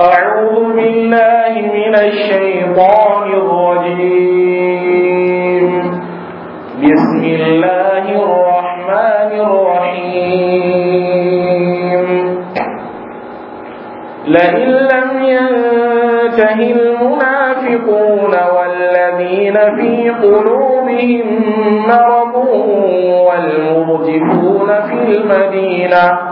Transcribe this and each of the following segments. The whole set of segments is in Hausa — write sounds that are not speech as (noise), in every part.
أعوذ بالله من الشيطان الرجيم بسم الله الرحمن الرحيم لئن لم ينتهي المنافقون والذين في قلوبهم مرض والمرجفون في المدينة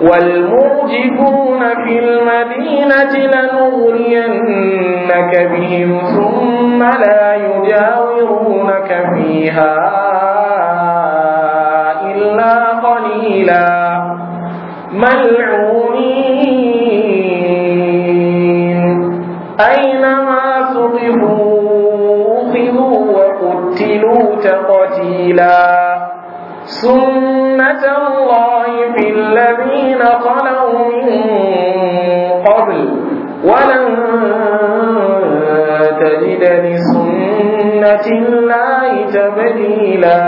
والموجبون في المدينة لنغرينك بهم ثم لا يجاورونك فيها إلا قليلا ملعونين أينما سقفوا أخذوا وقتلوا تقتيلا ثم سنة الله في الذين خلوا من قبل ولن تجد لسنة الله تبديلا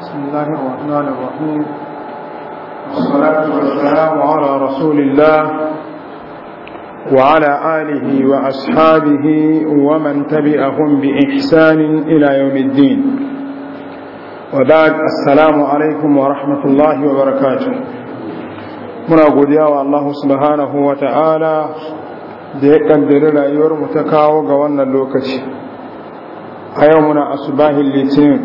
بسم الله الرحمن الرحيم والصلاة والسلام على رسول الله وعلى آله وأصحابه ومن تبعهم بإحسان إلى يوم الدين assalamu alaikum wa rahmatullahi wa barakatun muna godiya wa Allah subhanahu wa ta'ala da ya kaddari rayuwar mu ta kawo ga wannan lokaci a yau muna asubahin litinin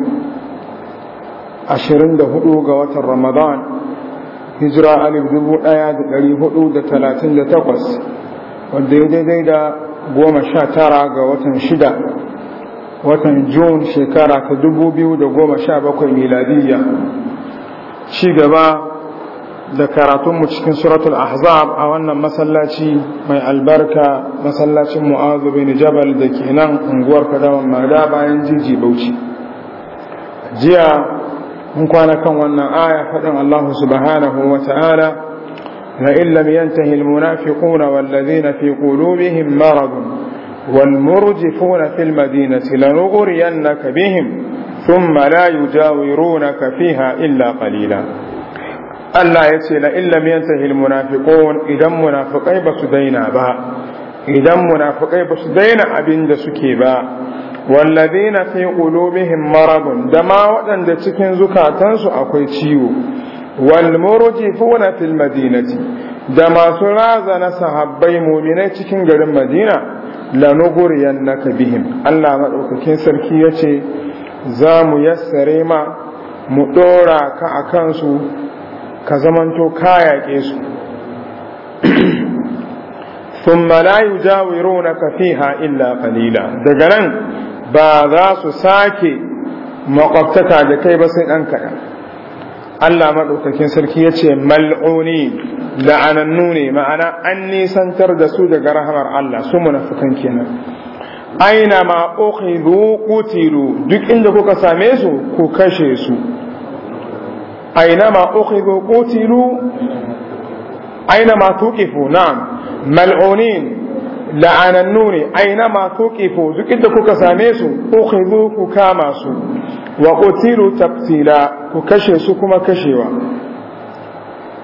24 ga watan ramadan hijira alif 1438 wadda ya daidai da 19 ga watan shida watan Jun shekara ta bakwai miladiyya ci gaba da karatunmu cikin suratul ahzab a wannan masallaci mai albarka masallacin mu'azu bin jabal da ke nan unguwar kadawan mada bayan jiji bauchi jiya mun kwana kan wannan aya faɗin allahu subhanahu wa ta'ala لئن لم ينتهي المنافقون والذين في قلوبهم maradun والمرجفون في المدينة لنغرينك بهم ثم لا يجاورونك فيها إلا قليلا Allah ya ce la illam yantahi almunafiqun idan munafiqai ba su daina ba idan munafiqai ba daina abin da suke ba walladhina fi qulubihim maradun da ma waɗanda cikin zukatansu akwai ciwo wal murjifuna fil madinati da masu razana sahabbai muminai cikin garin madina lanuguriyannaka bihim Allah maɗaukakin sarki ce za mu yassare ma mu ɗora ka a kansu ka zamanto ka yaƙe su (clears throat) thumma la yujawirunaka fiha illa qalila daga nan ba za su sake makwabtaka da kai ba sai dan kaɗan Allah maɗaukakin sarki ya ce mal'uni la'anannu ne ma'ana an nisantar da su daga rahamar Allah su munafukan kenan aina ma uqidu qutilu duk inda kuka same su ku kashe su aina ma uqidu qutilu aina ma tuqifu na'am mal'unin la'anannu ne aina ma tuqifu duk inda kuka same su ukhidhu ku kama su wa qutilu taqtila ku kashe su kuma kashewa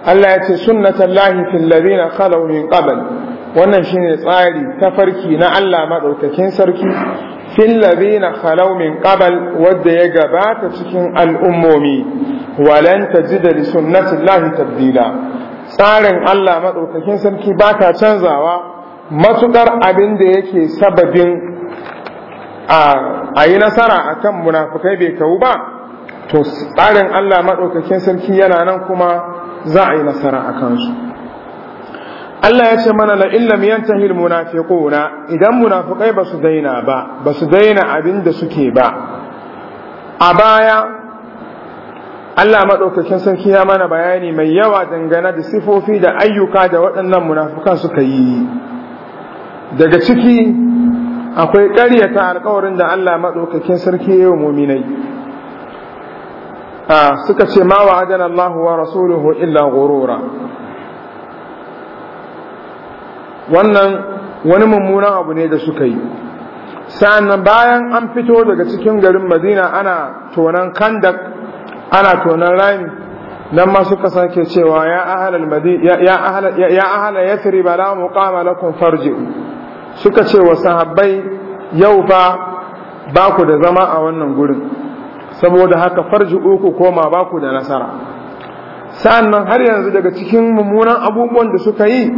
Allah ya ce Lahi fil ladina khalaw min qabl wannan shine tsari tafarki na Allah madaukakin sarki fil ladina khalaw min qabl Wadda ya gabata cikin al'ummomi walan tajida li Lahi tabdila tsarin Allah madaukakin sarki baka canzawa matuƙar abin da yake sababin a yi nasara a kan munafukai bai kawu ba to tsarin Allah maɗaukakin sarki yana nan kuma za a yi nasara a kansu Allah ya ce mana la illam yantahi almunafiquna idan munafukai ba su daina ba ba su daina abin da suke ba a baya Allah maɗaukakin sarki ya mana bayani mai yawa dangane da sifofi da ayyuka da waɗannan munafukan suka yi daga ciki akwai ƙaryata alƙawarin da Allah maɗaukakin sarki yau muminai a suka ce ma wa adana Allah wa rasuluhu illa gurura wannan wani mummunan abu ne da suka yi sa'annan bayan an fito daga cikin garin madina ana tonan kandak ana tonan rami nan ma suka sake cewa ya ahalar yasri ba la kama lakon farji'u suka ce wa sahabbai yau fa ba ku da zama a wannan gurin saboda haka farji uku koma ba ku da nasara sa'annan har yanzu daga cikin mummunan abubuwan da suka yi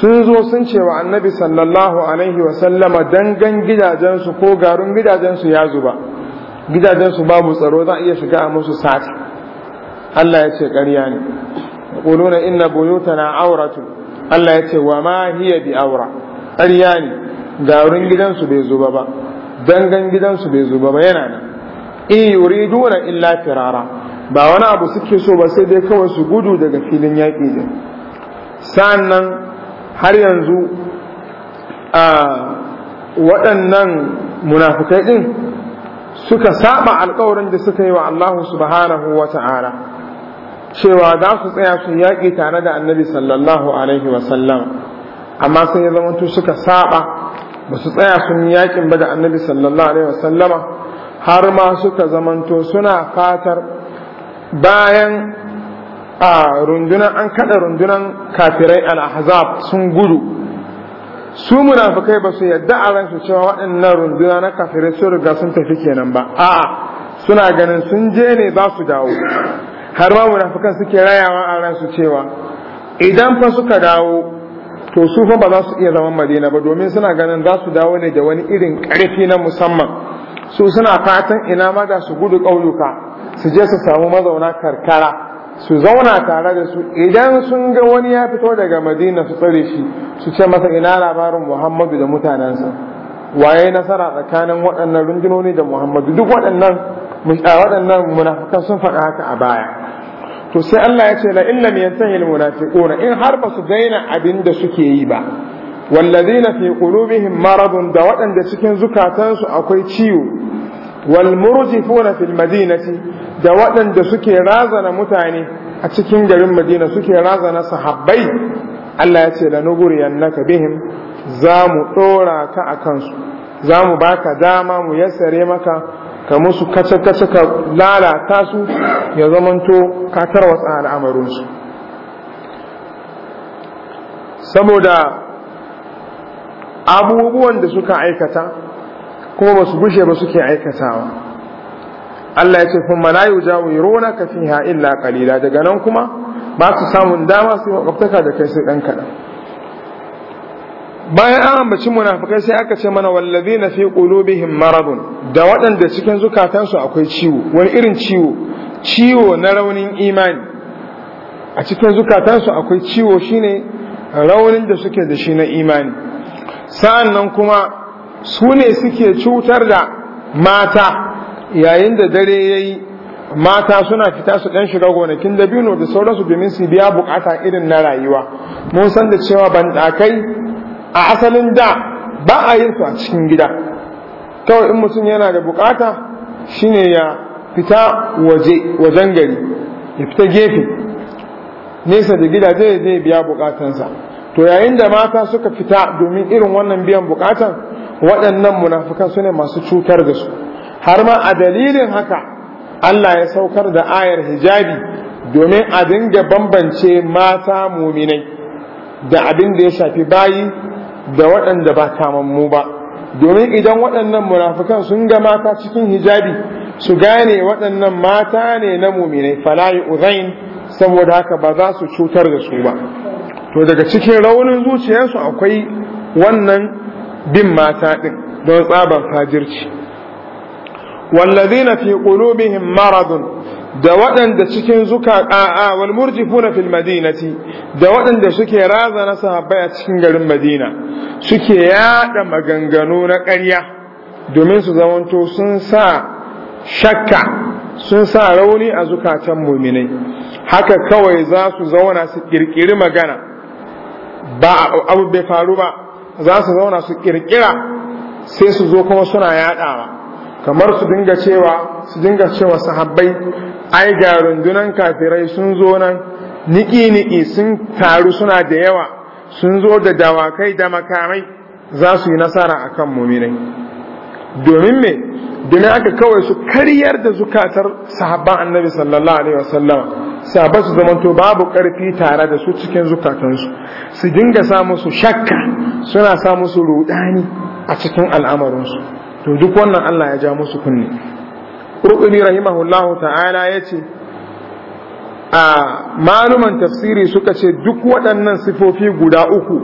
sun zo sun ce wa annabi sallallahu alaihi wasallama dangan gidajensu ko garin gidajensu ya zuba gidajensu babu tsaro za a iya shiga a musu sati Allah ya ce ƙarya ne ƙuluna inna buyutana auratu Allah ya ce wa ma hiya bi aura ƙarya ne garin gidansu bai zuba ba dangan gidansu bai zuba ba yana nan in duna illa firara ba wani abu suke so ba sai dai kawai su gudu daga filin yaƙi ne sannan har yanzu a waɗannan munafukai ɗin suka saba alkawarin da suka yi wa Allah subhanahu wa ta'ala cewa za su tsaya su yaƙi tare da annabi sallallahu alaihi wasallam amma sun ya zamanto suka saba ba su tsaya sun yi yakin ba da annabi sallallahu alaihi wasallama har ma suka zamanto suna fatar bayan a rundunan an kada rundunan kafirai al-ahzab sun gudu su munafikai ba su yadda a ransu cewa waɗannan runduna na kafirai sun riga sun tafi kenan ba a'a suna ganin sun je ne za su dawo har ma munafikan suke rayawa a ransu cewa idan fa suka dawo to su fa ba za su iya zaman madina ba domin suna ganin za su dawo ne da wani irin karfi na musamman su suna fatan ina ma da su gudu ƙauyuka su je su samu mazauna karkara su zauna tare da su idan sun ga wani ya fito daga madina su tsare shi su ce masa ina labarin muhammadu da mutanensa waye nasara tsakanin waɗannan rundunoni da muhammadu duk waɗannan waɗannan munafukan sun faɗa haka a baya to sai Allah ya ce la in lam yantahi almunafiqun in har ba su daina abin da suke yi ba wallazina fi qulubihim maradun da waɗanda cikin zukatansu akwai ciwo wal murjifuna fil madinati da waɗanda suke razana mutane a cikin garin Madina suke razana sahabbai Allah ya ce lanughriyannaka bihim za mu dora ka akan su za mu baka dama mu yassare maka ka musu kasa kasa ka lalata su ya zamanto ka tarwatsa al'amarinsu saboda abubuwan da suka aikata kuma ba su gushe ba suke aikatawa Allah ya ce kuma la rona ka fiha illa qalila daga nan kuma ba su samun dama su makwabtaka da kai sai ɗan kaɗan. bayan an ambaci munafikai sai aka ce mana na fi qulubihim maradun da waɗanda cikin zukatansu akwai ciwo wani irin ciwo ciwo na raunin imani a cikin zukatansu akwai ciwo shine raunin da suke da shi na imani sa'annan kuma su ne suke cutar da mata yayin da dare yayi mata suna fita su ɗan shiga gonakin dabino da sauransu domin su biya bukata irin na rayuwa mun san da cewa banɗakai a asalin da ba a yin su a cikin gida kawai in mutum yana da bukata shine ya fita wajen gari ya fita gefe nesa da gidaje zai biya bukatansa to yayin da mata suka fita domin irin wannan biyan bukatan waɗannan munafukan su ne masu cutar da su har ma a dalilin haka Allah ya saukar da ayar hijabi domin a dinga bambance mata muminai da abin da ya shafi bayi da waɗanda ba tamammu ba domin idan waɗannan munafukan sun ga mata cikin hijabi su gane waɗannan mata ne na muminai falayi uzain saboda haka ba za su cutar da su ba to daga cikin raunin zuciyarsu akwai wannan bin mata ɗin don tsaban fajirci wallazina fi qulubihim maradun da waɗanda cikin zuka ƙa'a wal murjifuna fil madinati da waɗanda suke raza na sahabbai a cikin garin Madina suke yada maganganu na ƙarya domin su zamanto sun sa shakka sun sa rauni a zukatan muminai haka kawai za su zauna su ƙirƙiri magana ba abu bai faru ba za su zauna su ƙirƙira sai su zo kuma suna yaɗawa, kamar su dinga cewa su dinga cewa sahabbai ai ga rundunan kafirai sun zo nan niki-niki sun taru suna da yawa sun zo da dawakai da makamai za su yi nasara a kan muminai domin me domin aka kawai su karyar da zukatar sahabban annabi sallallahu alaihi wasallam sahabba su zamanto babu karfi tare da su cikin zukatansu su dinga sa musu shakka suna sa musu rudani a cikin al'amarinsu to duk wannan Allah ya ja musu kunne qurtubi rahimahullahu ta'ala ya ce a maluman tafsiri suka ce duk waɗannan sifofi guda uku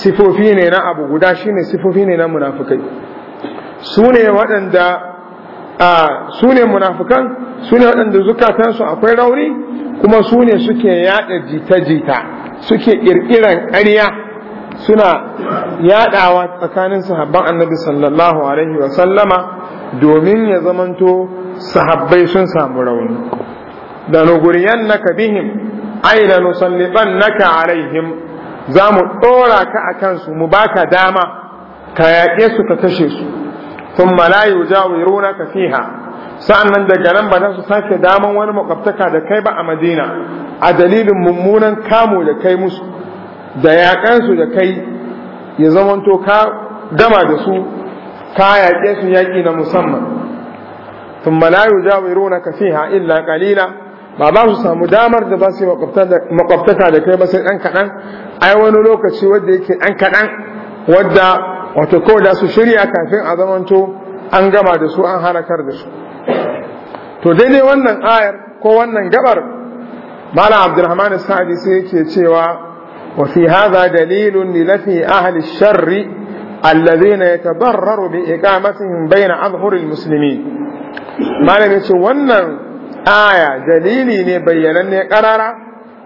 sifofi ne na abu guda shine sifofi ne na munafukai su ne waɗanda a su ne munafukan su ne waɗanda zukatansu akwai rauni kuma su ne suke yaɗa jita-jita suke ƙirƙiran ƙarya suna yaɗawa tsakanin sahabban annabi sallallahu alaihi wa domin ya zamanto sahabbai sun samu rauni da nuguriyan naka bihim ai nusalliban naka alaihim za mu ɗora ka a kansu mu baka dama ka yaƙe su ka kashe su sun malayu jawiruna ka fiha sa'annan daga nan ba za su sake daman wani makwabtaka da kai ba a madina a dalilin mummunan kamo da kai musu da yaƙansu da kai ya zamanto ka gama da su ka yaƙe su yaƙi na musamman thumma la yujawirunaka fiha illa kalila. ba ba su samu damar da ba su yi makwabtaka da kai ba sai ɗan kaɗan ai wani lokaci wadda yake ɗan kaɗan wadda wato kawai da su shirya kafin a zamanto an gama da su an halakar da su to daidai wannan ayar ko wannan gabar Malam abdurrahman sa'adi sai yake cewa wa fi hadha dalilun li lafi ahli sharri alladhina yatabarraru bi iqamatihim baina adhhuril musulmi. malamin ce wannan aya dalili ne ne karara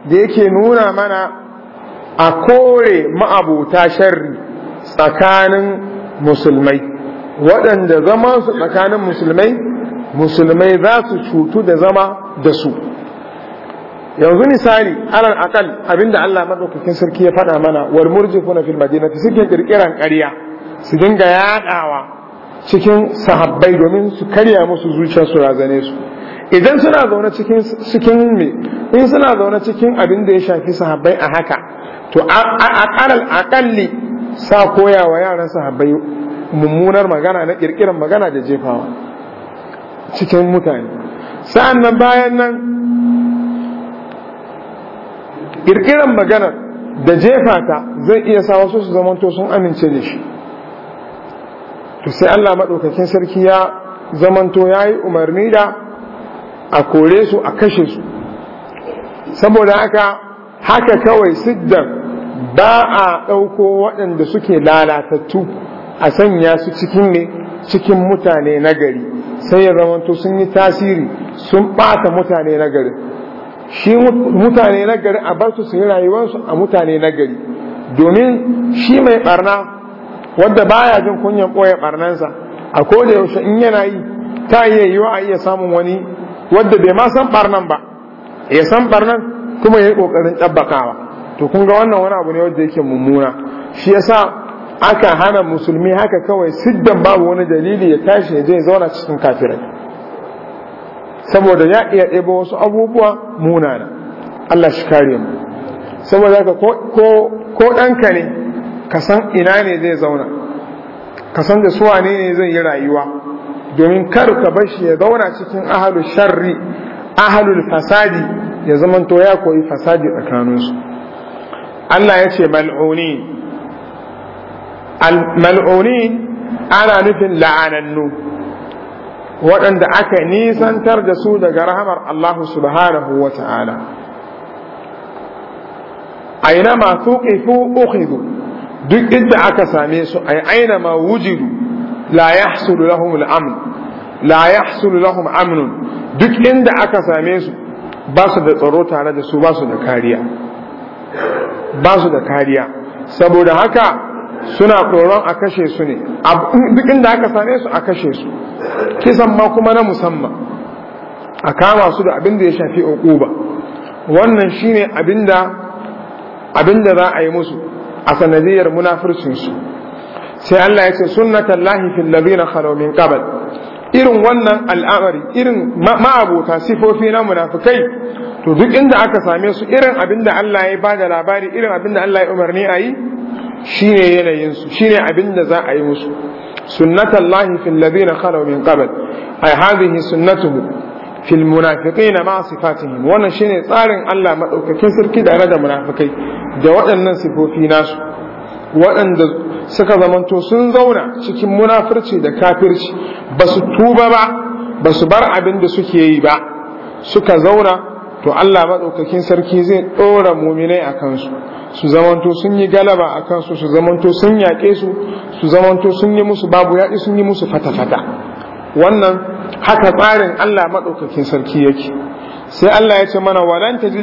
da yake nuna mana a kore ma'abuta sharri tsakanin musulmai waɗanda zama su tsakanin musulmai musulmai za su cutu da zama da su yanzu misali alal akal abinda Allah madaukakin sarki ya faɗa mana wal murjifuna fil madinati suke kirkiran ƙarya su dinga yaɗawa cikin sahabbai domin su karya musu zuciya su razane su idan suna zaune cikin cikin me in suna zaune cikin abin da ya shafi sahabbai a haka to a akalli sa koya wa yaran sahabbai mummunar magana na kirkiran magana da jefawa cikin mutane sa'an nan bayan nan kirkiran magana da jefa ta zai iya sa wasu su zamanto sun amince da shi sai Allah maɗaukakin sarki ya zamanto ya yi umarni da a kore su a kashe su saboda haka haka kawai siddar ba a ɗauko waɗanda suke lalatattu a sanya su cikin ne cikin mutane nagari sai ya zamanto sun yi tasiri sun ɓata mutane nagari shi mutane nagari a bar su su yi rayuwarsu a mutane nagari domin shi mai ɓarna Wadda baya jin kunyan ɓoye barnansa a koda yaushe in yana yi ta iya yiwa a iya samun wani wadda bai ma san barnan ba ya san barnan kuma ya yi ƙoƙarin ɗabbakawa to kun ga wannan wani abu ne wadda yake mummuna shi yasa aka hana musulmi haka kawai siddan babu wani dalili ya tashi ya je zauna cikin kafirai saboda ya iya ɗebo wasu abubuwa munana Allah shi kare mu saboda haka ko ɗanka ne ka san ina ne zai zauna ka san da suwa ne ne zai yi rayuwa domin kar ka bar shi ya zauna cikin ahalu sharri ahalul fasadi ya zamanto ya koyi fasadi tsakaninsu Allah ya ce mal'unin mal'unin ana nufin la'anannu waɗanda aka nisantar da su daga rahamar Allah subhanahu wa ta'ala aina masu ƙifu ukhidhu duk inda aka same su ai aina ma wujidu la yahsulu lahum al-amn la yahsulu lahum amn duk inda aka same su ba su da tsaro tare da su ba su da kariya ba su da kariya saboda haka suna tsoron a kashe su ne duk inda aka same su a kashe su kisan ma kuma na musamman a kama su da abin da ya shafi uquba wannan shine abinda abinda za a yi musu a sanadiyar su sai Allah ya ce sunnatan lahi fil ladina khalaw min qabl irin wannan al'amari irin ma'abota sifofi na munafikai to duk inda aka same su irin abinda Allah ya ba da labari irin abinda Allah ya umarni a yi shine yanayin su shine abinda za a yi musu sunnatan lahi fil ladina khalaw min qabl ay hadhihi sunnatuhu fil munafiqina ma sifatihim wannan shine tsarin Allah madaukakin sarki da da munafikai da waɗannan sifofi nasu waɗanda suka zamanto sun zauna cikin munafirci da kafirci ba su tuba ba ba su bar abin da suke yi ba suka zauna to Allah Madaukakin sarki zai ɗora muminai a kansu su zamanto sun yi galaba a kansu su zamanto sun yaƙe su su zamanto sun yi musu babu yaƙi sun yi musu fata-fata wannan haka tsarin Allah maɗaukakin sarki yake sai Allah ya ce mana walan da li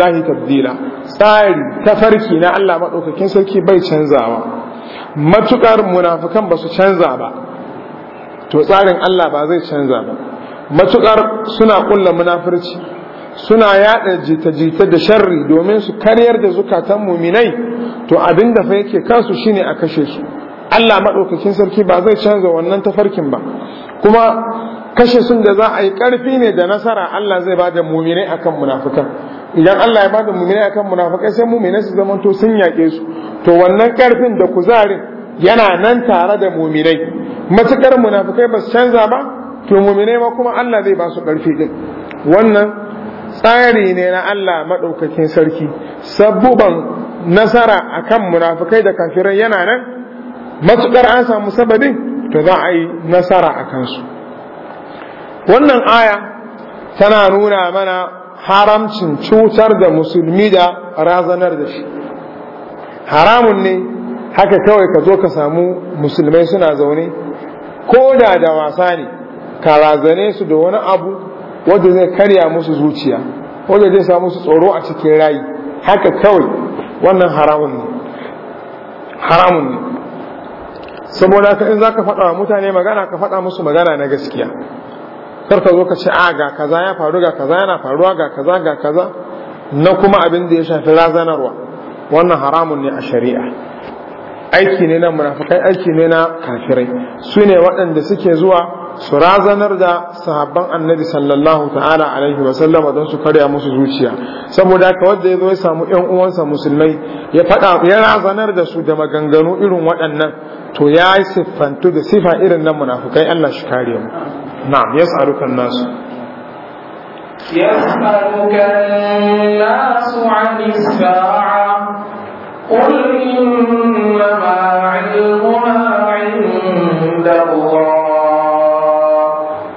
lahi tabdila tsari tafarki na Allah maɗaukakin sarki bai canzawa matukar munafikan ba su canza ba to tsarin Allah ba zai canza ba matukar suna kulla munafirci suna yada jita-jita da sharri domin su karyar da zukatan muminai to abin da fa yake kansu shine a kashe su Allah maɗaukakin sarki ba zai canza wannan tafarkin ba kuma kashe sun da za a yi ƙarfi ne da nasara Allah zai ba da muminai akan munafukan idan Allah ya ba da muminai akan munafukai sai muminai su zama to sun yaƙe su to wannan ƙarfin da kuzarin yana nan tare da muminai matuƙar munafukai ba su canza ba to muminai ma kuma Allah zai ba su ƙarfi din wannan tsari ne na Allah maɗaukakin sarki sabbuban nasara akan munafukai da kafirai yana nan matuƙar an samu sababin da za a yi nasara a kansu wannan aya tana nuna mana haramcin cutar da musulmi da razanar da shi haramun ne haka kawai ka zo ka samu musulmai suna zaune ko da da wasa ne ka razane su da wani abu wanda zai karya musu zuciya wanda zai samu su tsoro a cikin rayi haka kawai wannan haramun ne haramun ne saboda ka in zaka faɗa wa mutane magana ka faɗa musu magana na gaskiya kar ka zo ka ce a ah, ga kaza ya faru ga kaza yana faruwa ga kaza ga kaza na kuma abin da ya shafi razanarwa wannan haramun ne a shari'a aiki ne na munafikai aiki ne na kafirai su ne waɗanda suke zuwa su razanar da sahabban annabi sallallahu ta'ala alaihi wa don su karya musu zuciya saboda ka wanda ya zo ya samu ƴan uwansa musulmai ya faɗa ya razanar da su da maganganu irin waɗannan to ya yi siffantu da sifa irin nan munafukai Allah shi kare mu na'am ya nasu kan nasu 'anis sa'a qul inna ma 'ilmuha 'inda Allah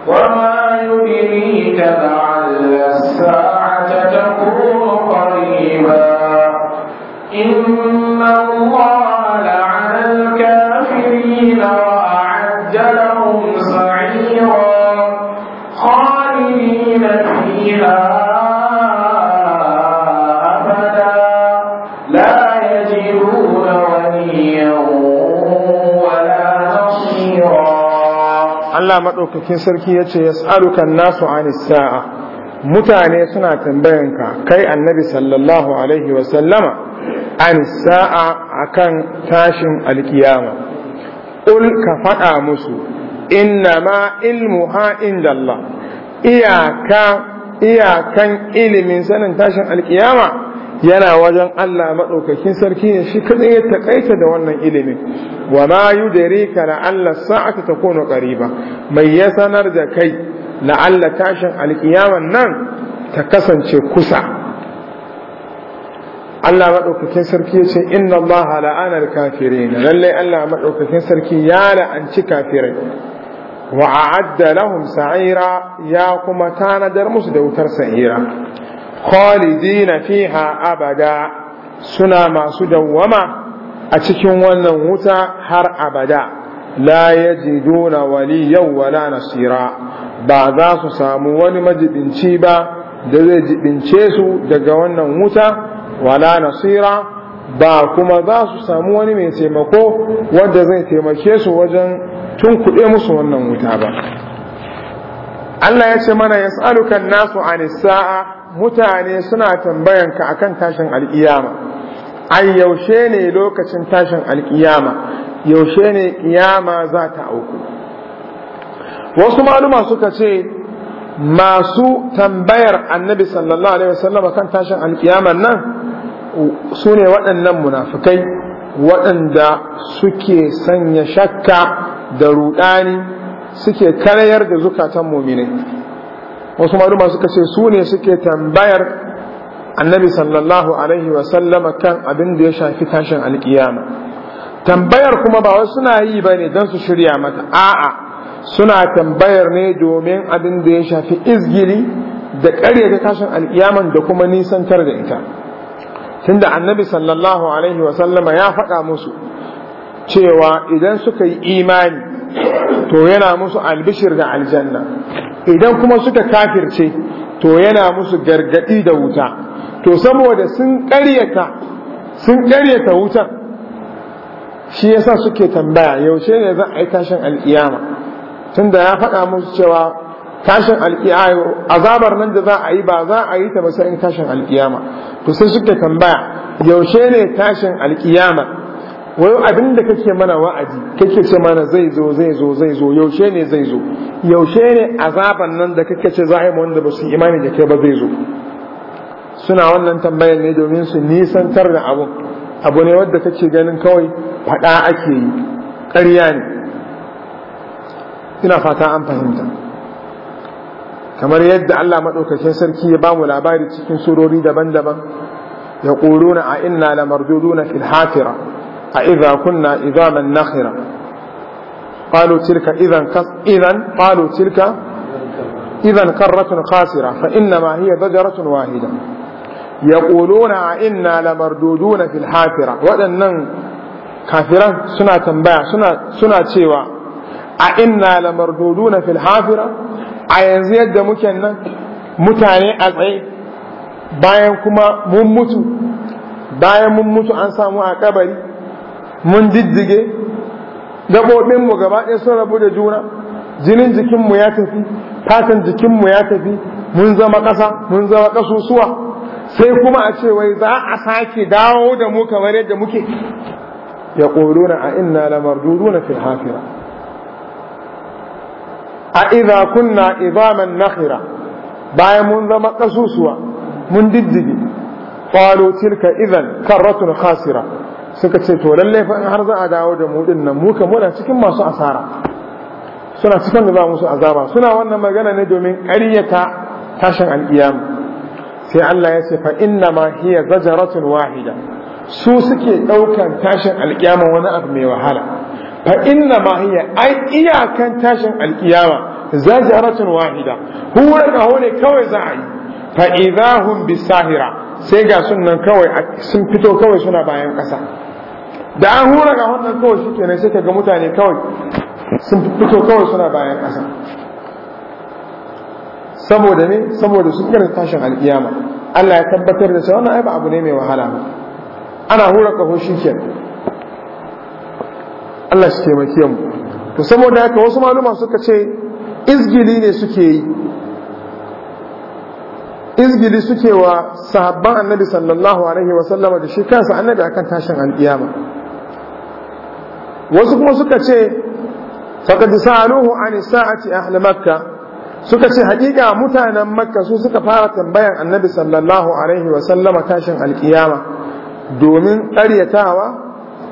wa ma yudrika la'alla as-sa'ata takunu qariba inna Allah maɗaukakin sarki ya ce, Yas'alukan nasu an sa'a, mutane suna tambayanka, kai annabi sallallahu Alaihi wasallama, an sa'a akan tashin alkiyama ƙul ka faɗa musu innama ilmuha inda Allah iyakan ilimin sanin tashin alkiyama yana wajen Allah maɗaukakin sarki ne shi kaɗai ya taƙaita da wannan ilimin wa ma yudari ka la'alla sa'ata ta kono ƙariba mai ya sanar da kai la'alla tashin alkiyama nan ta kasance kusa Allah maɗaukakin sarki ya ce inna Allah la'anar kafirin lallai Allah maɗaukakin sarki ya la'anci kafirai wa a'adda lahum sa'ira ya kuma tanadar musu da wutar sa'ira khalidina fiha abada suna masu dawwama a cikin wannan wuta har abada la yajiduna waliyan wala nasira ba za su samu wani majibinci ba da zai jibince su daga wannan wuta wala nasira ba kuma za su samu wani mai taimako wanda zai taimake su wajen tun kuɗe musu wannan wuta ba Allah ya ce mana yas'alukan nasu an sa'a mutane suna tambayan ka akan tashin alkiyama ai yaushe ne lokacin tashin alkiyama yaushe ne kiyama za ta auku wasu maluma suka ce masu tambayar annabi sallallahu alaihi wasallam kan tashin alkiyama nan su ne waɗannan munafikai waɗanda suke sanya shakka da ruɗani suke karayar da zukatan muminai wasu maruma suka ce su ne suke tambayar annabi sallallahu alaihi wasallam kan abin da ya shafi tashin alkiyama tambayar kuma ba wasu suna yi ba ne don su shirya mata a'a suna tambayar ne domin abin da ya shafi izgili da ƙarya ta tashin alƙiyaman da kuma nisantar da ita tunda annabi sallallahu alaihi wasallama ya faɗa musu cewa idan suka yi imani to yana musu albishir da aljanna idan kuma suka kafirce to yana musu gargadi da wuta to saboda sun ƙaryata sun ƙaryata wutan shi yasa suke tambaya yaushe ne za a yi tashin al'iyama tunda ya faɗa musu cewa tashin alƙiyama azabar nan da za a yi ba za a yi ta ba sai in tashin alƙiyama to sai suke tambaya yaushe ne tashin alƙiyama wai abin da kake mana wa'azi kake ce mana zai zo zai zo zai zo yaushe ne zai zo yaushe ne azaban nan da kake ce za a yi wanda ba su imani da kai ba zai zo suna wannan tambayar ne domin su nisantar da abu abu ne wadda kake ganin kawai faɗa ake yi ƙarya ne ina fata an fahimta kamar yadda Allah maɗaukakin sarki ya ba mu labari cikin surori daban-daban ya ƙoruna a inna la marduduna fil hafira a idza kunna idaman nakhira qalu tilka idan kas idan qalu tilka idan karratun khasira fa inna ma hiya bajaratun wahida يقولون إنا لمردودون في الحافرة وأنن كافرا سنة تنباع سنة, suna cewa. a inna marduduna fil hafira a yanzu yadda muke nan mutane a tsaye bayan kuma mun mutu bayan mun mutu an samu a kabari mun diddige gaɓoɓinmu gaba ɗaya sun rabu da juna jinin jikinmu ya tafi fatan jikinmu ya tafi mun zama ƙasa mun zama ƙasusuwa sai kuma a ce wai za a sake dawo da mu kamar yadda muke ya ƙoruna a inna lamarduduna fil hafira a idza kunna idaman nakhira bayan mun zama kasusuwa mun diddige qalu tilka idan karratun khasira suka ce to lalle fa har za a dawo da mu dinnan nan mu kan muna cikin masu asara suna cikin da za musu azaba suna wannan magana ne domin ƙaryata tashin al'iyam sai Allah ya ce fa inna ma hiya zajaratun wahida su suke ɗaukan tashin al'iyama wani abu mai wahala fa inna ma hiya ai iyakan tashin alkiyama zajaratun wahida hura kaho ne kawai za a yi fa idahum bisahira sai ga sunan kawai sun fito kawai suna bayan kasa da an hura ga wannan kawai shi ne sai ga mutane kawai sun fito kawai suna bayan kasa. saboda ne saboda sun kira tashin alkiyama Allah ya tabbatar da cewa wannan ai ba abu ne mai wahala ana hura kaho shi kenan Allah shi taimake mu to saboda haka wasu maluma suka ce izgili ne suke yi izgili suke wa sahabban annabi sallallahu alaihi wa sallama da shi kansa annabi akan tashin alkiyama wasu kuma suka ce faqad sa'aluhu an sa'ati ahli makka suka ce hakika mutanen makka su suka fara tambayan annabi sallallahu alaihi wa sallama tashin alkiyama domin ƙaryatawa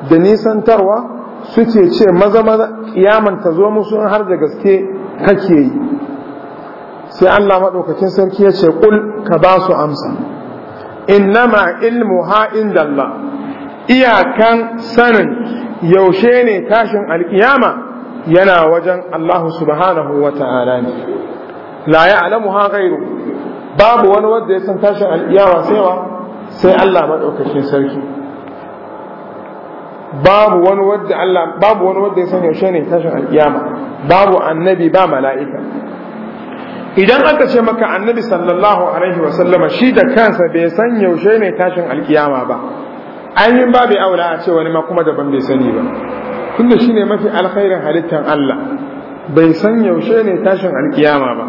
da nisantarwa suke ce maza maza ƙiyaman ta zo musu in har da gaske kake yi sai Allah madaukakin sarki ya ce kul ka ba su amsa innama ilmuha indallah iyakan sanin yaushe ne tashin alkiyama yana wajen Allah subhanahu wa ta'ala ne la ha gairu. babu wani wanda ya san tashin alkiyama sai wa sai Allah madaukakin sarki babu wani wadda Allah babu wani wadda ya san yaushe ne tashin alkiyama babu annabi ba mala'ika idan aka ce maka annabi sallallahu alaihi wa sallama shi da kansa bai san yaushe ne tashin alkiyama ba ainihin babu aula a ce wani ma kuma daban bai sani ba tunda shine mafi alkhairin halittar Allah bai san yaushe ne tashin alkiyama ba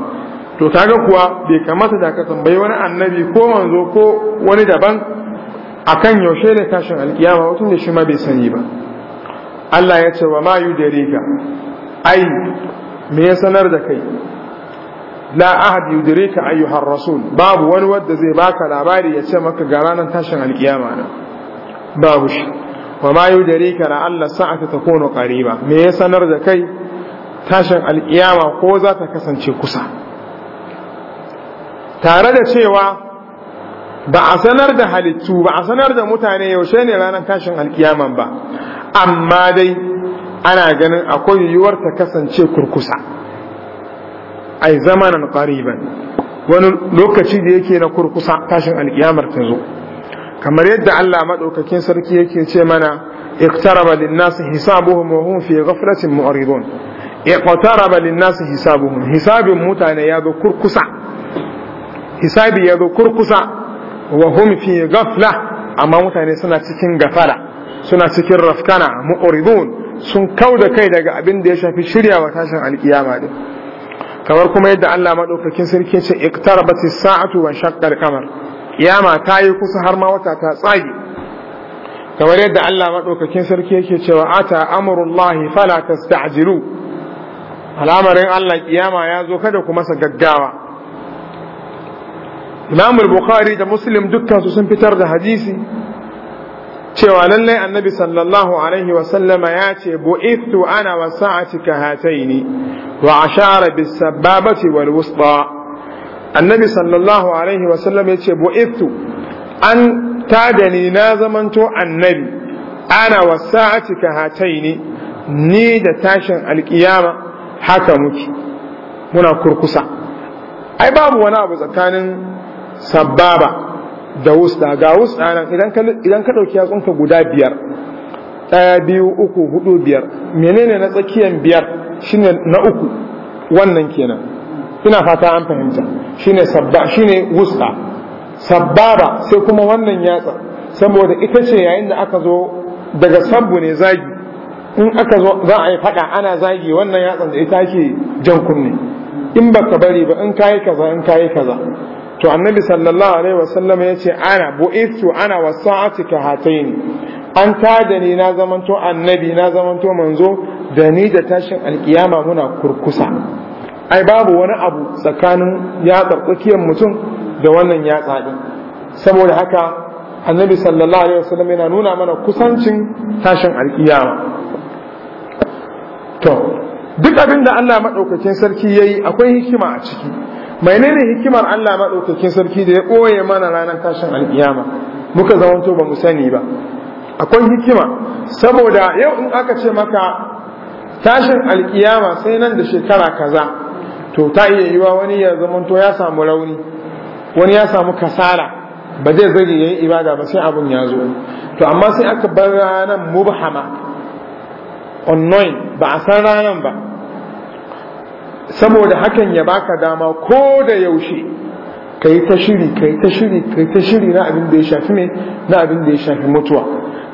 to kaga kuwa bai kamata da ka tambayi wani annabi ko manzo ko wani daban akan yaushe ne tashin alkiyama mutum da shi ma bai sani ba Allah ya ce wa ma ka. ai me ya sanar da kai la ahad yudirika ayyuhar rasul babu wani wanda zai baka labari ya ce maka ga ranar tashin alkiyama na babu shi wa ma yudirika la alla sa'ata takunu qariba me ya sanar da kai tashin alkiyama ko za ta kasance kusa tare da cewa ba a sanar da halittu ba a sanar da mutane yaushe ne ranar tashin alkiyaman ba amma dai ana ganin akwai yiwuwar ta kasance kurkusa ai zamanin ƙariban wani lokaci da yake na kurkusa tashin alkiyamar ta zo kamar yadda Allah maɗaukakin sarki yake ce mana اقترب للناس حسابهم وهم في lin معرضون اقترب hisabin mutane ya zo kurkusa hisabi ya zo kurkusa. wa hum fi ghafla amma mutane suna cikin gafara suna cikin rafkana mu'ridun sun kauda kai daga abin da ya shafi shiryawa tashin alkiyama din kamar kuma yadda Allah madaukakin sarki ya ce iqtarabatis sa'atu wa shaqqal qamar kiyama ta yi kusa har ma wata ta tsage kamar yadda Allah madaukakin sarki yake cewa ata amrullahi fala tasta'jilu al'amarin Allah kiyama ya zo kada ku masa gaggawa imamul bukhari da muslim dukkan su sun fitar da hadisi cewa lallai annabi sallallahu alaihi sallama ya ce bu'ithu ana wa sa'ati ka hataini wa ashara bis sababati wal wusta annabi sallallahu alaihi wasallam ya ce bu'ithu an tadani na zamanto annabi ana wa sa'ati ka hataini ni da tashin alkiyama haka muke muna kurkusa ai babu wani abu tsakanin sababa da wusta ga wusta nan idan ka ɗauki yatsunka guda biyar ɗaya biyu uku hudu biyar menene na tsakiyan biyar shine na uku wannan kenan ina fata an fahimta shine sabba shine wusta sababa sai kuma wannan yatsa saboda ita ce yayin da aka zo daga sabbu ne zagi in aka zo za a yi faɗa ana zagi wannan yatsan da ita ke jan kunne in baka bari ba in kayi kaza in kayi kaza to annabi sallallahu alaihi wasallam ya ce ana bu'istu ana wa sa'ati ka hataini an tada ni na zamanto annabi na zamanto manzo da ni da tashin alkiyama muna kurkusa ai babu wani abu tsakanin ya tsakiyar mutum da wannan ya tsadi saboda haka annabi sallallahu alaihi wasallam yana nuna mana kusancin tashin alkiyama to duk abin da Allah madaukakin sarki yayi akwai hikima a ciki menene hikimar Allah maɗaukakin sarki da ya ɓoye mana ranar tashin alƙiyama muka zamanto ba mu sani ba akwai hikima saboda yau in aka ce maka tashin alƙiyama sai nan da shekara kaza to ta iya yiwa wani ya zamanto ya samu rauni wani ya samu kasara, ba zai zage yi ibada ba sai abun ya zo to amma sai aka bar ranar mubhama online ba a san ranar ba saboda hakan ya baka dama ko da yaushe ka yi ta shiri ka yi ta shiri ka yi ta shiri na abin da ya shafi ne na abin da ya shafi mutuwa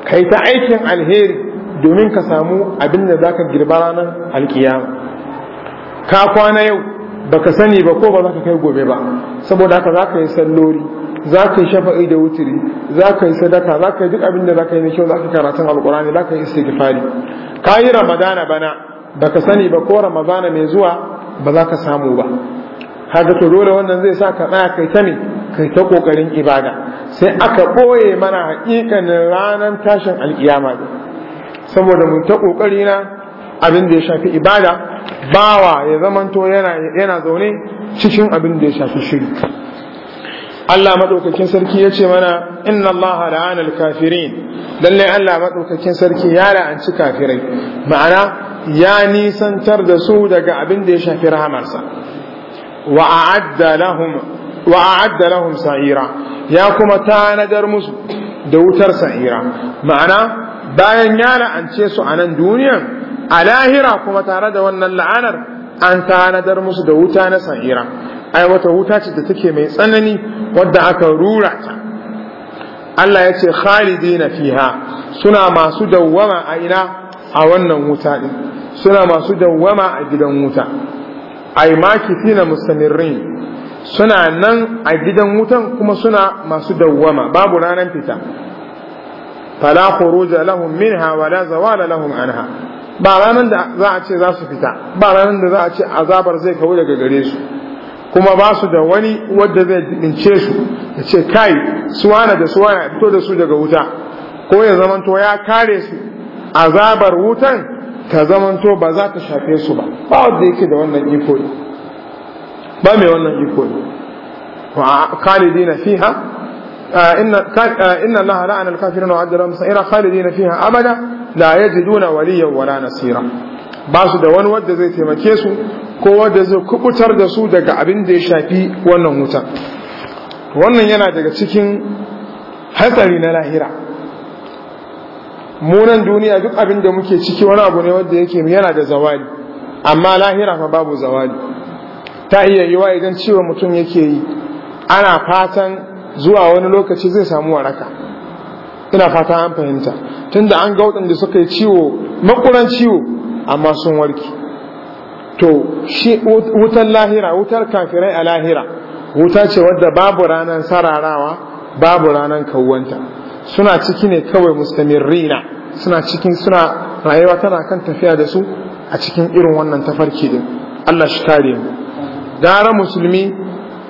ka yi ta aikin alheri domin ka samu abin da za ka girba ranar alkiyama ka kwana yau ba ka sani ba ko ba za ka kai gobe ba saboda haka za ka yi sallori za ka yi shafa'i da wuturi, za ka yi sadaka za ka yi duk abin da za ka yi na kyau za ka karatun alkurani za ka yi istighfari ka yi ramadana bana ba ka sani ba ko ramadana mai zuwa ba za ka samu ba kaga to dole wannan zai sa ka tsaya kai ta ne kai ta kokarin ibada sai aka boye mana hakikanin ranar tashin alkiyama saboda mun ta kokari na abin da ya shafi ibada bawa ya zamanto yana zaune cikin abin da ya shafi shiri. Allah madaukakin sarki ya ce mana inna Allah la'ana al-kafirin lalle Allah madaukakin sarki ya la'anci kafirai ma'ana ya nisantar da su daga abin da ya shafi rahamarsa wa a'adda lahum wa a'adda lahum sa'ira ya kuma tanadar musu da wutar sa'ira ma'ana bayan ya la'ance su a nan duniya a lahira kuma tare da wannan la'anar an tanadar musu da wuta na sa'ira ai wata wuta ce da take mai tsanani wadda aka rura ta Allah ya ce khalidina fiha suna masu dawwama a ina a wannan wuta din suna masu dawwama a gidan wuta ay na musamirin suna nan a gidan wutan kuma suna masu dawwama babu ranar fita fala khuruja lahum minha wala zawala lahum anha ba ranan da za a ce za su fita ba ranar da za a ce azabar zai kawo daga gare su kuma ba su da wani wadda zai dince su ya ce kai suwana da suwana ya fito da su daga wuta ko ya zamanto ya kare su azabar wutan ta zamanto ba za ta shafe su ba ba wanda yake da wannan iko ne ba mai wannan iko ne khalidina fiha inna Allah la'ana al-kafirin wa adda lahum sa'ira khalidina fiha abada la yajiduna waliyyan wala nasira ba su da wani wadda zai taimake su ko wadda zai kubutar da su daga abin da ya shafi wannan wuta wannan yana daga cikin hatsari na lahira munan duniya duk abin da muke ciki wani abu ne wadda yake yana da zawali amma lahira fa babu zawali ta iya yiwa idan ciwo mutum yake yi ana fatan zuwa wani lokaci zai samu waraka ina fata an fahimta tunda an ga da suka yi ciwo makuran ciwo amma sun warki to shi wutar lahira wutar kafirai a lahira wuta ce wadda babu ranar sararawa babu ranar kawwanta suna ciki ne kawai mustamirrina suna cikin suna rayuwa tana kan tafiya da su a cikin irin wannan tafarki din Allah shi kare mu gara musulmi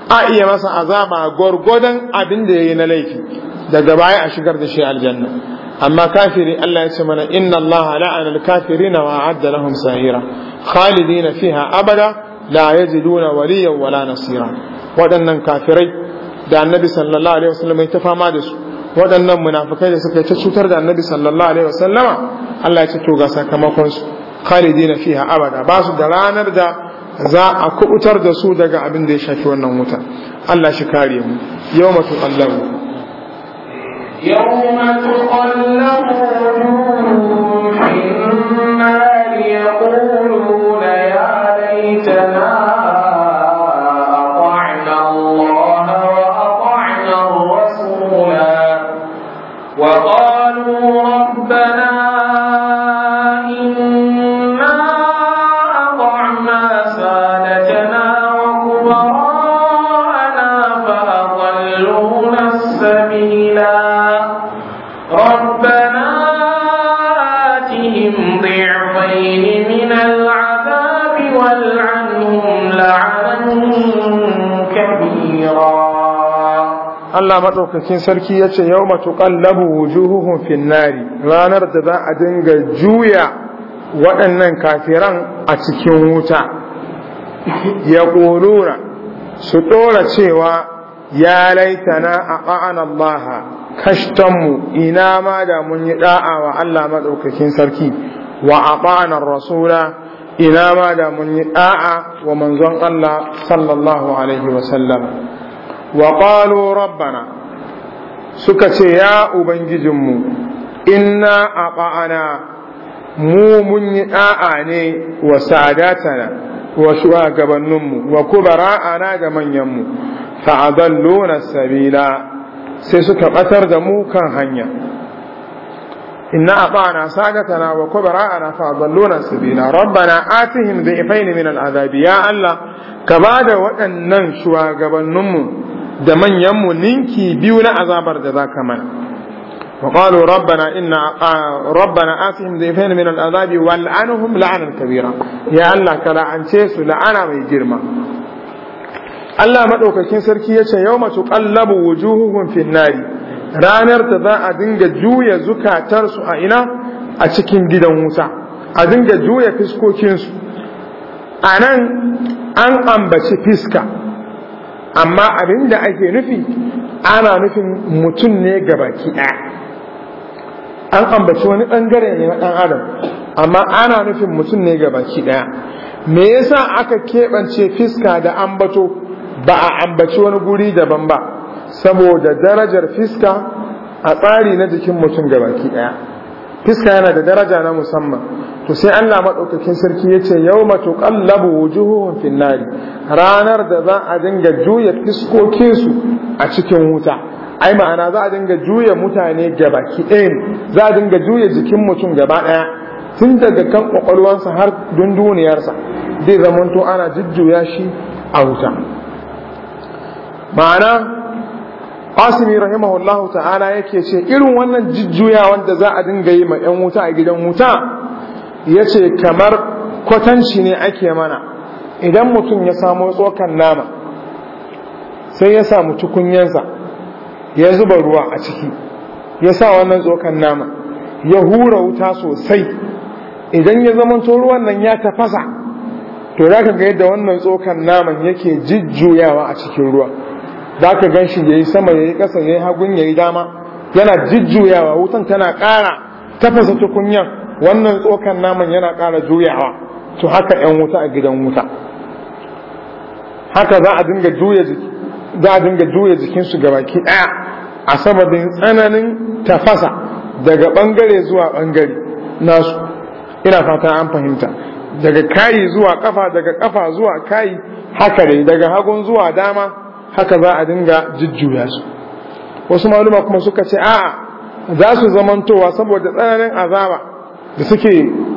a iya masa azaba gwargwadon abin da ya yi na laifi daga baya a shigar da shi aljanna amma kafiri Allah ya ce mana inna Allah la'ana al kafirin wa a'adda lahum sa'ira khalidina fiha abada la yajiduna waliyan wala nasira waɗannan kafirai da annabi sallallahu alaihi wasallam ya tafama fama da su waɗannan munafikai da suka yi ta cutar da annabi sallallahu alaihi wasallama Allah ya ce to ga sakamakon su khalidina fiha abada ba su da ranar da za a kubutar da su daga abin da ya shafi wannan wuta Allah shi kare mu yawmatu tuqallabu يقولون يا ليتنا Allah maɗaukakin sarki ya ce yau Labu wujuhuhun finnari ranar da za a dinga juya waɗannan kafiran a cikin wuta ya ƙorura su ɗora cewa ya laitana a ƙa'an Allah kashtanmu ina ma da mun yi ɗa'a wa Allah maɗaukakin sarki wa a ƙa'anar rasula ina ma da mun yi ɗa'a wa manzon Allah sallallahu alaihi sallam? wa qalu rabbana suka ce ya ubangijinmu inna aqana mu mun yi A'a ne wa sadatana wa shugabanninmu wa kubara'ana da manyanmu fa'adalluna sabila sai suka batar da mu kan hanya inna ata'na sadatana wa kubara'ana fa'adalluna sabila rabbana atihim dhifayn min al'adabi ya allah ka bada waɗannan shugabanninmu Da manyanmu ninki biyu na azabar da za ka mana. Muƙalu rabbi na an sa yin fahimtar azabin wa la'anuhu la'anun ta'wiru. Ya Allah ka la'ance su la'ana mai girma. Allah maɗaukakin Sarki ya ce yau mace kallaben wujuruhun finna Ranar da za a dinga juya zukatarsu a ina, a cikin gidan musa A dinga juya faskokinsu. A nan an ambaci fiska. amma abin da ake nufi ana nufin mutum ne gabaki ɗaya an ambaci wani ɓangare ne na ɗan adam amma ana nufin mutum ne gabaki ɗaya me yasa aka keɓance fiska da ambato ba a ambaci wani guri daban ba saboda darajar fiska a tsari na jikin mutum gabaki ɗaya fiska yana da daraja na musamman to sai Allah maɗaukakin sarki ya ce yau mato ƙallabu wujuhuhun finnari ranar da za a dinga juya fiskokinsu a cikin wuta ai ma'ana za a dinga juya mutane gaba ɗayan za a dinga juya jikin mutum gaba ɗaya tun daga kan ƙwaƙwalwansa har dunduniyarsa zai zamanto ana jujjuya shi a wuta ma'ana qasimi rahimahullahu ta'ala yake ce irin wannan jujjuyawan wanda za a dinga yi ma yan wuta a gidan wuta yace kamar kwatanci ne ake mana idan mutum ya samu tsokan nama sai ya samu tukunyansa ya zuba ruwa a ciki ya sa wannan tsokan nama ya hura wuta sosai idan ya zama zamanto ruwan nan ya tafasa to za ka ga yadda wannan tsokan naman yake jijjuyawa a cikin ruwa za ka gan shi ya sama yayi yi ƙasa ya hagun yayi dama yana jujjuyawa wutan tana ƙara tafasa tukunyan wannan tsokan naman yana ƙara juyawa to haka ‘yan wuta a gidan wuta haka za a dinga juya jiki za a dinga juya jikinsu gabaki ɗaya a sababin tsananin tafasa daga ɓangare zuwa ɓangare nasu ina fata an fahimta daga kayi zuwa kafa daga ƙafa zuwa kayi haka dai daga hagun zuwa dama haka za a dinga jujjuya su wasu maluma kuma suka ce a'a za su zamantowa saboda tsananin azaba da suke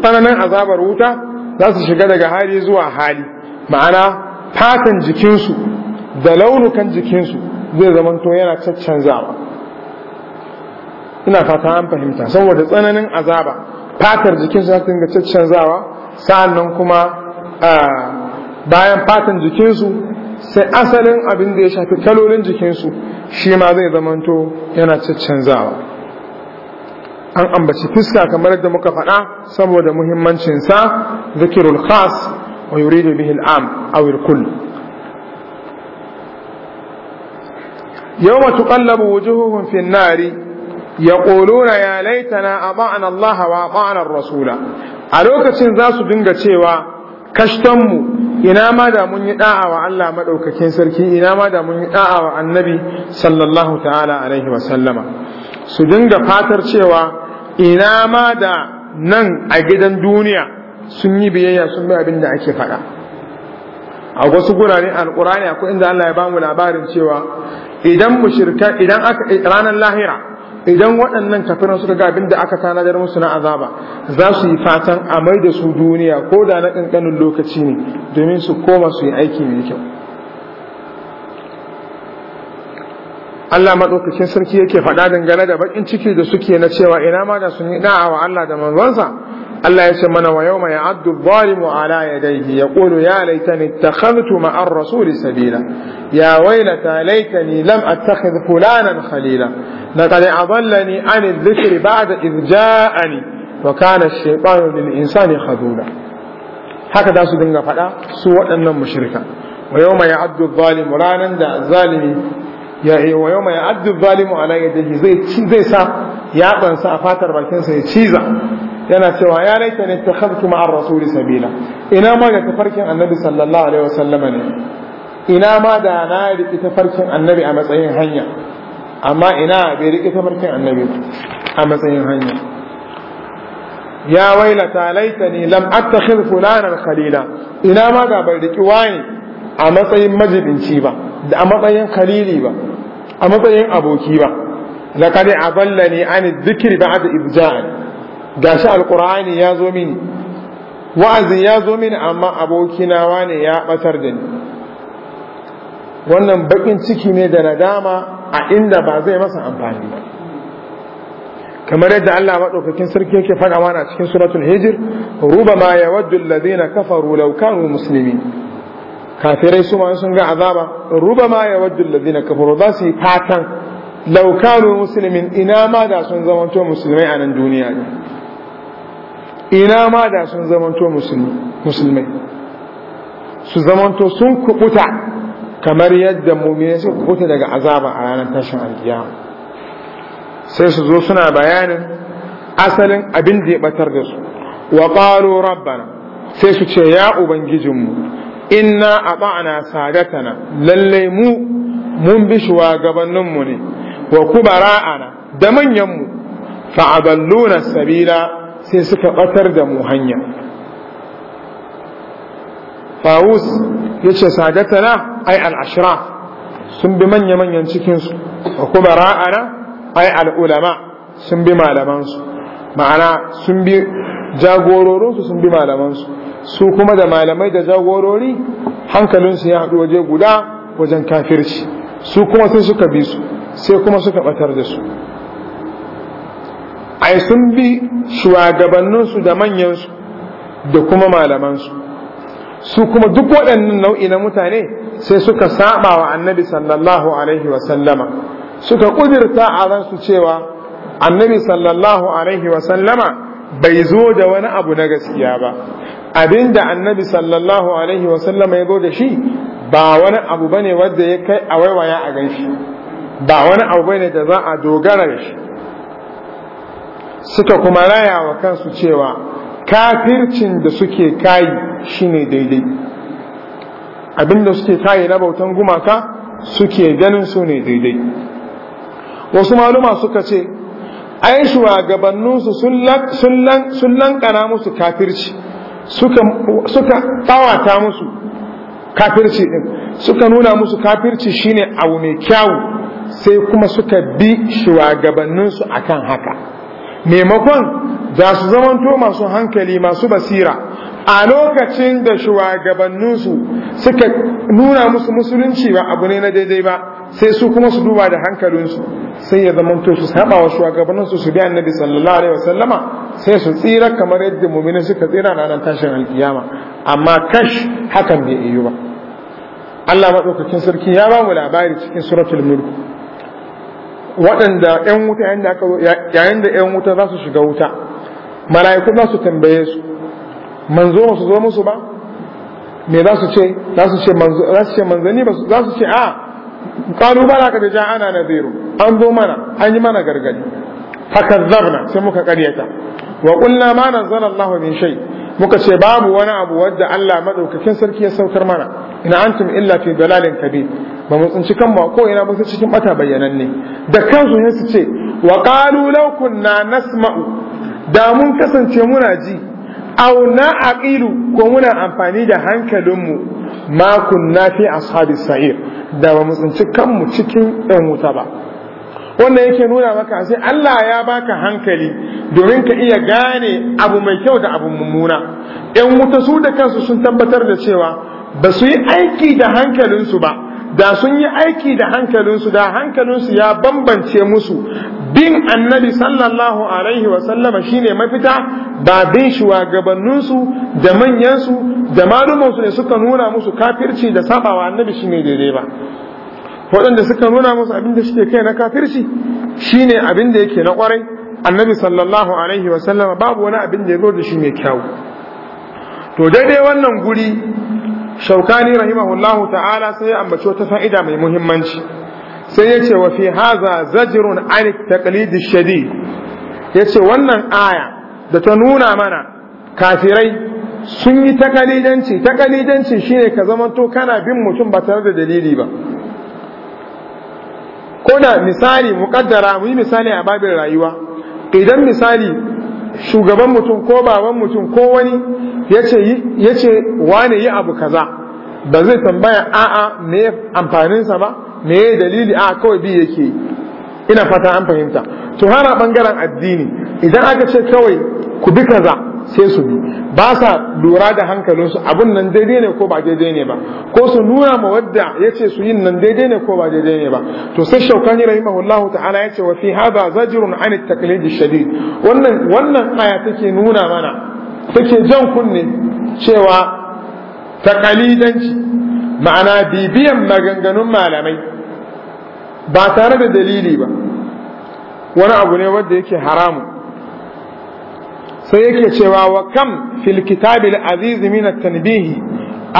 tsananin azabar wuta za su shiga daga hali zuwa hali ma'ana fatan jikinsu da launukan jikinsu zai zamanto yana zaba ina fata an fahimta saboda tsananin azaba fatar jikinsu za su dinga caccanzawa sa'annan kuma ah, bayan fatan jikinsu sai asalin abin da ya shafi kalolin jikinsu shi ma zai zamanto yana caccanzawa an ambaci fuska kamar yadda muka faɗa saboda muhimmancinsa zikirul khas wa yuridu bihi al'am aw al-kull yawma tuqallabu wujuhuhum fi an-nari yaquluna ya laitana ata'na Allah wa ata'na ar-rasula a lokacin za su dinga cewa kashtanmu ina ma da mun yi da'a wa Allah madaukakin sarki ina ma da mun yi da'a wa annabi sallallahu ta'ala alaihi wa sallama su dinga fatar cewa ina ma da nan a gidan duniya sun yi biyayya sun bi abin da ake faɗa a wasu gurare alƙur'ani akwai inda Allah ya bamu labarin cewa idan mushrika idan aka ranar lahira idan waɗannan kafiran suka ga abin da aka tanadar musu na azaba za su yi fatan a mai da su duniya ko da na ƙanƙanin lokaci ne domin su koma su yi aiki mai kyau Allah maɗaukakin sarki yake faɗa dangane da baƙin ciki da suke na cewa ina ma da sun yi da'a wa Allah da manzonsa الله يسمنا ويوم يعد الظالم على يديه يقول يا ليتني اتخذت مع الرسول سبيلا يا ويلتى ليتني لم اتخذ فلانا خليلا لقد اضلني عن الذكر بعد اذ جاءني وكان الشيطان للانسان خذولا هكذا سدنا فلا سوى ان مشركا ويوم يعد الظالم رانا ذا الظالم ya yi wa yau mai addu zalimu ala yadihi zai zai sa yabansa a fatar bakinsa ya ciza yana cewa ya laita ne ta an rasu da sabila ina ma ga tafarkin annabi sallallahu alaihi wasallama ne ina ma da na riƙi tafarkin annabi a matsayin hanya amma ina bai riƙi tafarkin annabi a matsayin hanya ya waila ta wailata laitani lam attakhidh fulanan khalila ina ma ga bai riƙi wani a matsayin majibinci ba da a matsayin khalili ba a matsayin aboki ba laqad adallani an dhikri ba'da ibza'an gashi alqur'ani ya zo mini wa'azi ya zo mini amma abokina ne ya batar da ni wannan bakin ciki ne da nadama a inda ba zai masa amfani ba kamar yadda Allah maɗaukakin sarki yake faɗa mana cikin suratul hijir, ruba ma yawaddu alladhina kafaru law kanu muslimin kafirai su ma sun ga azaba ruba ma ya wajju alladhina kafaru za su yi fatan law kanu muslimin ina ma da sun zamanto musulmai a nan duniya ne ina ma da sun zamanto musulmai su zamanto sun kubuta kamar yadda mu'mini su kubuta daga azaba a ranar tashin alkiyama sai su zo suna bayanin asalin abin da ya batar da su wa qalu rabbana sai su ce ya ubangijinmu inna a ba'ana sadatana lalle mu mun bi shugabanninmu ne wa kubara'ana da manyanmu fa'aballuna sabila sai suka batar da mu hanya fawus ya ce sadatana ai al'ashira sun bi manya-manyan cikinsu wa kubara'ana ai al'ulama sun bi malamansu ma'ana sun bi jagororinsu sun bi malamansu su kuma da malamai da jagorori hankalinsu ya haɗu waje guda wajen kafirci su kuma sai suka bi su sai kuma suka ɓatar da su ai sun bi shugabanninsu da manyansu da kuma malamansu su kuma duk waɗannan nau'i na mutane sai suka saɓa wa annabi sallallahu alaihi wasallama suka ƙudurta a ransu cewa annabi sallallahu alaihi wasallama bai zo da wani abu na gaskiya ba abinda annabi sallallahu alaihi wasallama ya zo da shi ba wani abu bane wanda ya kai a waiwaya a gan shi ba wani abu bane da za a dogara da shi suka kuma raya wa kansu cewa kafircin da suke kayi shine daidai abinda suke kayi na bautan gumaka suke ganin su ne daidai wasu maluma suka ce ai shugabanninsu sun lankana musu kafirci suka tsawata musu kafirci din suka nuna musu kafirci shine abu mai kyau, sai kuma suka bi shugabanninsu akan haka maimakon da su zamanto masu hankali masu basira a lokacin da shugabanninsu suka nuna musu musulunci ba abu ne na daidai ba sai su kuma su duba da hankalinsu sai ya zama to su saba wa shugabannin su su bi annabi sallallahu alaihi wasallama sai su tsira kamar yadda mu'mini suka tsira ranar tashin alkiyama amma kash hakan bai yi ba Allah madaukakin sarki ya ba mu labari cikin suratul mulk waɗanda ƴan wuta yayin da ƴan wuta za su shiga wuta mala'iku za su tambaye su manzo su zo musu ba me za su ce za su ce manzo za su ce manzani ba za su ce a qalu bala ka da ja'ana nadhiru an zo mana an yi mana gargadi fakazzabna sai muka karyata wa qulna ma min shay muka ce babu wani abu wadda Allah madaukakin sarki ya saukar mana ina antum illa fi dalalin kabi ba mu tsinci kan ba ko ina musu cikin bata bayyananne da kansu ne su ce wa qalu law kunna nasma'u da mun kasance muna ji aw na aqilu ko muna amfani da hankalinmu ma kunna fi ashabis sa'ir da ba mu tsinci kanmu cikin ɗan wuta ba wannan yake nuna maka sai Allah ya baka hankali domin ka iya gane abu mai kyau da abu mummuna ɗan wuta su da kansu sun tabbatar da cewa ba su yi aiki da hankalinsu ba da sun yi aiki da hankalinsu da hankalinsu ya bambance musu bin annabi sallallahu alaihi wasallama shine mafita ba bin shugabanninsu da manyansu da malumansu ne suka nuna musu kafirci da sabawa annabi shine daidai ba waɗanda suka nuna musu abin da ke kai na kafirci shine abin da yake na ƙwarai annabi sallallahu alaihi wasallama babu wani abin da ya zo da shi mai kyau to daidai wannan guri shaukani rahimahullahu ta'ala sai ya ambaci wata fa'ida mai muhimmanci sai ya ce wa fi haza zajirun an taqlidi shadid ya ce wannan aya da ta nuna mana kafirai sun yi takalidanci takalidanci shine ka zamanto kana bin mutum ba tare da dalili ba ko da misali muqaddara mu yi misali a babin rayuwa idan misali shugaban mutum ko baban mutum ko wani ya ce wane yi abu kaza ba zai tambaya a'a me amfaninsa ba me dalili a kawai bi yake ina fata an fahimta to hana bangaren addini idan aka ce kawai ku bi kaza sai su bi ba sa lura da hankalinsu abun nan daidai ne ko ba daidai ne ba ko su nuna ma wadda ya ce su yin nan daidai ne ko ba daidai ne ba to sai shaukani allah ta'ala ya ce wa fi ani zajirun an taklidi shadid wannan wannan aya take nuna mana take jan kunne cewa takalidanci ma'ana bibiyan maganganun malamai ba tare da dalili ba wani abu ne wanda yake haramu sai yake cewa wa kam fil kitabil aziz min at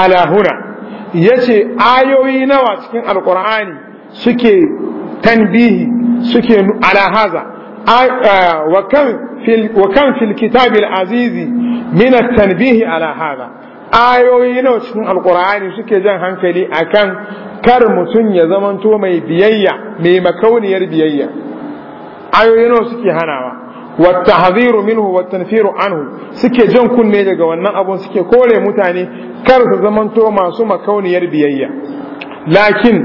ala huna yace ayoyi nawa cikin alqur'ani suke tanbihi suke ala haza wa kan fil kitabil azizi min ala hada ayoyi nawa cikin alƙur'ani suke jan hankali akan kar mutum ya zamanto mai biyayya mai makauniyar biyayya ayoyi nawa suke hanawa minhu منه والتنفير anhu suke jan kunne daga wannan abun suke kore mutane kar su zamanto masu makauniyar biyayya lakin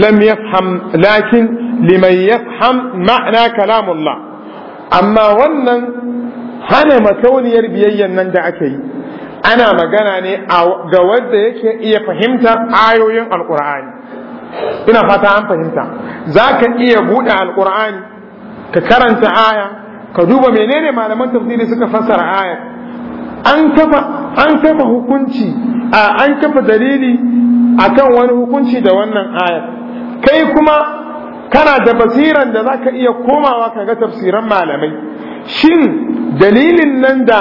lam yafham lakin liman yafham ma'ana kalamullah amma wannan hana makauniyar biyayyan nan da ake yi ana magana ne ga wanda yake iya fahimtar ayoyin alqur'ani ina fata an fahimta zaka iya buɗe alkur'ani ka karanta aya ka duba menene malaman tafsiri suka fassara aya an kafa an kafa hukunci an kafa dalili akan wani hukunci da wannan aya kai kuma kana da basiran da za ka iya komawa kaga tafsiran malamai shin dalilin nan da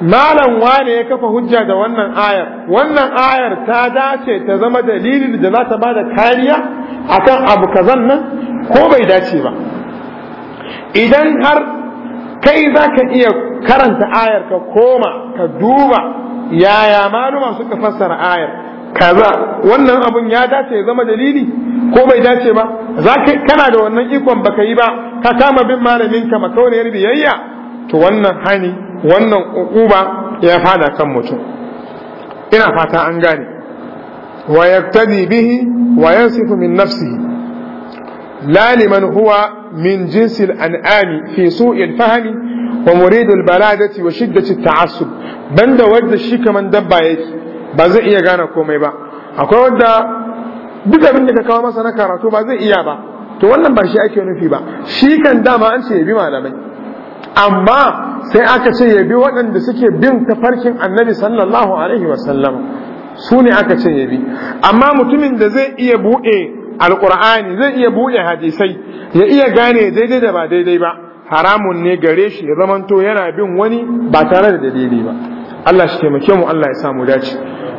malam wane ya kafa hujja da wannan ayar wannan ayar ta dace ta zama dalilin da za ta da kariya akan abu kazan nan ko bai dace ba idan har kai za ka iya karanta ayar ka koma ka duba yaya maluma suka fassara ayar kaza wannan abun ya dace ya zama dalili ko bai dace ba kana da wannan ikon baka yi ba ka kama bin malamin ka makauniyar biyayya to wannan hani wannan ukuba ya fada kan mutum ina fata an gane wa yaktadi bihi wa yansifu min nafsihi la liman huwa min jinsi al-an'ami fi su'i al-fahmi wa murid al-baladati wa shiddati at-ta'assub banda wanda shi kaman dabba yake ba zai iya gane komai ba akwai wanda duk abin da ka kawo masa na karatu ba zai iya ba to wannan ba shi ake nufi ba shi kan dama an ce ya bi malamai amma sai aka ce ya bi waɗanda suke bin tafarkin annabi sallallahu alaihi wasallam su ne aka ce ya bi amma mutumin da zai iya buɗe alƙur'ani zai iya buɗe hadisai ya iya gane daidai da ba daidai ba haramun ne gare shi ya zamanto yana bin wani ba tare da daidai ba Allah shi taimake mu Allah ya samu dace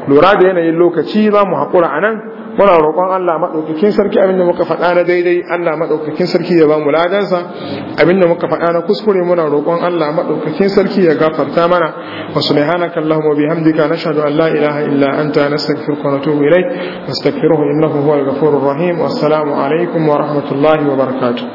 lura da yanayin lokaci za mu haƙura a nan muna roƙon Allah maɗaukakin sarki abinda muka faɗa na daidai Allah maɗaukakin sarki ya ba mu ladansa abinda muka faɗa na kuskure muna roƙon Allah maɗaukakin sarki ya gafarta mana wa subhanaka allahumma bihamdika nashhadu an la ilaha illa anta nastaghfiruka wa natubu ilayk nastaghfiruhu innahu huwal ghafurur rahim wassalamu alaikum wa rahmatullahi wa barakatuh